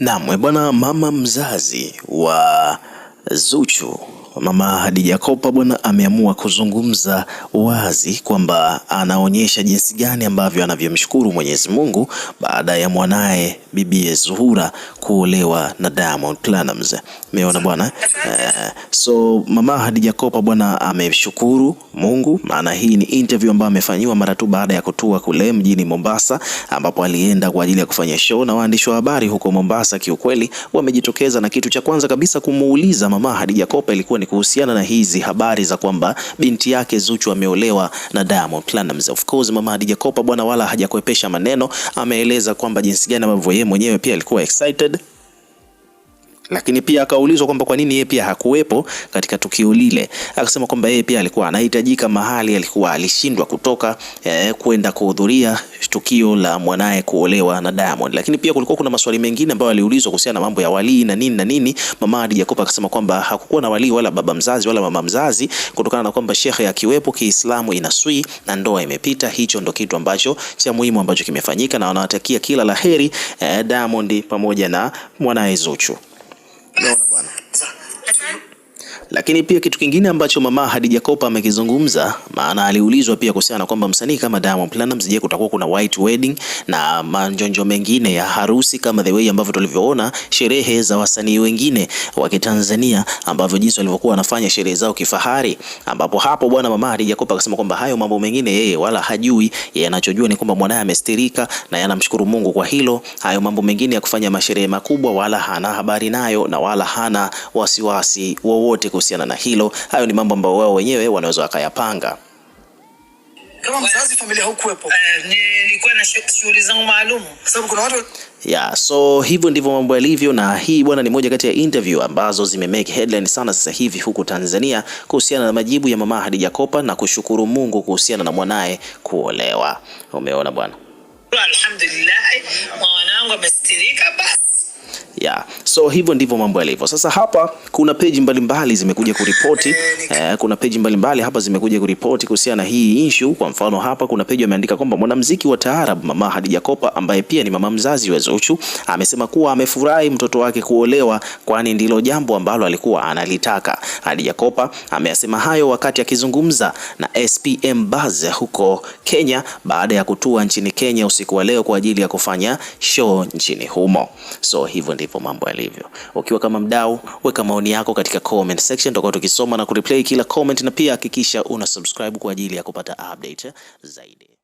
Naam eh, bwana, mama mzazi wa Zuchu Mama hadija Kopa bwana ameamua kuzungumza wazi kwamba anaonyesha jinsi gani ambavyo anavyomshukuru Mwenyezi Mungu baada ya mwanaye bibi Zuhura kuolewa na Diamond Platnumz. Umeona bwana eh, so Mama Khadija Kopa bwana ameshukuru Mungu, maana hii ni interview ambayo amefanyiwa mara tu baada ya kutua kule mjini Mombasa, ambapo alienda kwa ajili ya kufanya show na waandishi wa habari huko Mombasa. Kiukweli wamejitokeza na kitu cha kwanza kabisa kumuuliza Mama Khadija Kopa ilikuwa ni kuhusiana na hizi habari za kwamba binti yake Zuchu ameolewa na Diamond Platnumz. Of course mama Hadija Kopa bwana wala hajakuepesha maneno, ameeleza kwamba jinsi gani ambavyo yeye mwenyewe pia alikuwa excited lakini pia akaulizwa kwamba kwa nini yeye pia hakuwepo katika tukio lile, akasema kwamba yeye pia alikuwa anahitajika mahali, alikuwa alishindwa kutoka eh, kwenda kuhudhuria tukio la mwanaye kuolewa na Diamond. Lakini pia kulikuwa kuna maswali mengine ambayo aliulizwa kuhusiana na mambo ya walii na nini na nini. Mama Hadi Jacob akasema kwamba hakukuwa na walii wala baba mzazi wala mama mzazi kutokana na kwamba shekhe akiwepo Kiislamu inaswi na ndoa imepita. Hicho ndo kitu ambacho cha muhimu ambacho kimefanyika na wanawatakia kila laheri eh, Diamond pamoja na mwanaye Zuchu. Unaona bwana. Lakini pia kitu kingine ambacho mama Khadija Kopa amekizungumza, maana aliulizwa pia kuhusiana kwamba msanii kama Diamond Platnumz, je, kutakuwa kuna white wedding na manjonjo mengine ya harusi kama the way ambavyo tulivyoona sherehe za wasanii wengine wa Kitanzania ambavyo jinsi walivyokuwa wanafanya sherehe zao kifahari, ambapo hapo bwana mama Khadija Kopa akasema kwamba hayo mambo mengine yeye wala hajui. Yeye anachojua ni kwamba mwanae amestirika na yanamshukuru Mungu kwa hilo. Hayo mambo mengine ya kufanya masherehe makubwa wala hana habari nayo na wala hana wasiwasi wowote wasi, kuhusiana na hilo. Hayo ni mambo ambayo wao wenyewe wanaweza wakayapanga. Eh, yeah, so hivyo ndivyo mambo yalivyo, na hii bwana ni moja kati ya interview ambazo make headline sana sasa hivi huku Tanzania kuhusiana na majibu ya mama hadija Kopa na kushukuru Mungu kuhusiana na mwanaye kuolewa. Umeona bwana, alhamdulillah mwanangu amestirika basi yeah. So hivyo ndivyo mambo yalivyo sasa. Hapa kuna peji mbalimbali zimekuja kuripoti eh, kuna peji mbalimbali hapa zimekuja kuripoti kuhusiana na hii issue. Kwa mfano hapa kuna peji ameandika kwamba mwanamuziki wa taarab Mama Hadija Kopa ambaye pia ni mama mzazi wa Zuchu amesema kuwa amefurahi mtoto wake kuolewa, kwani ndilo jambo ambalo alikuwa analitaka. Hadija Kopa ameyasema hayo wakati akizungumza na SPM Buzz huko Kenya baada ya kutua nchini Kenya usiku wa leo kwa ajili ya kufanya show nchini humo. So hivyo ndivyo mambo yalivyo. Ukiwa kama mdau, weka maoni yako katika comment section, tutakuwa tukisoma na kureplay kila comment, na pia hakikisha una subscribe kwa ajili ya kupata update zaidi.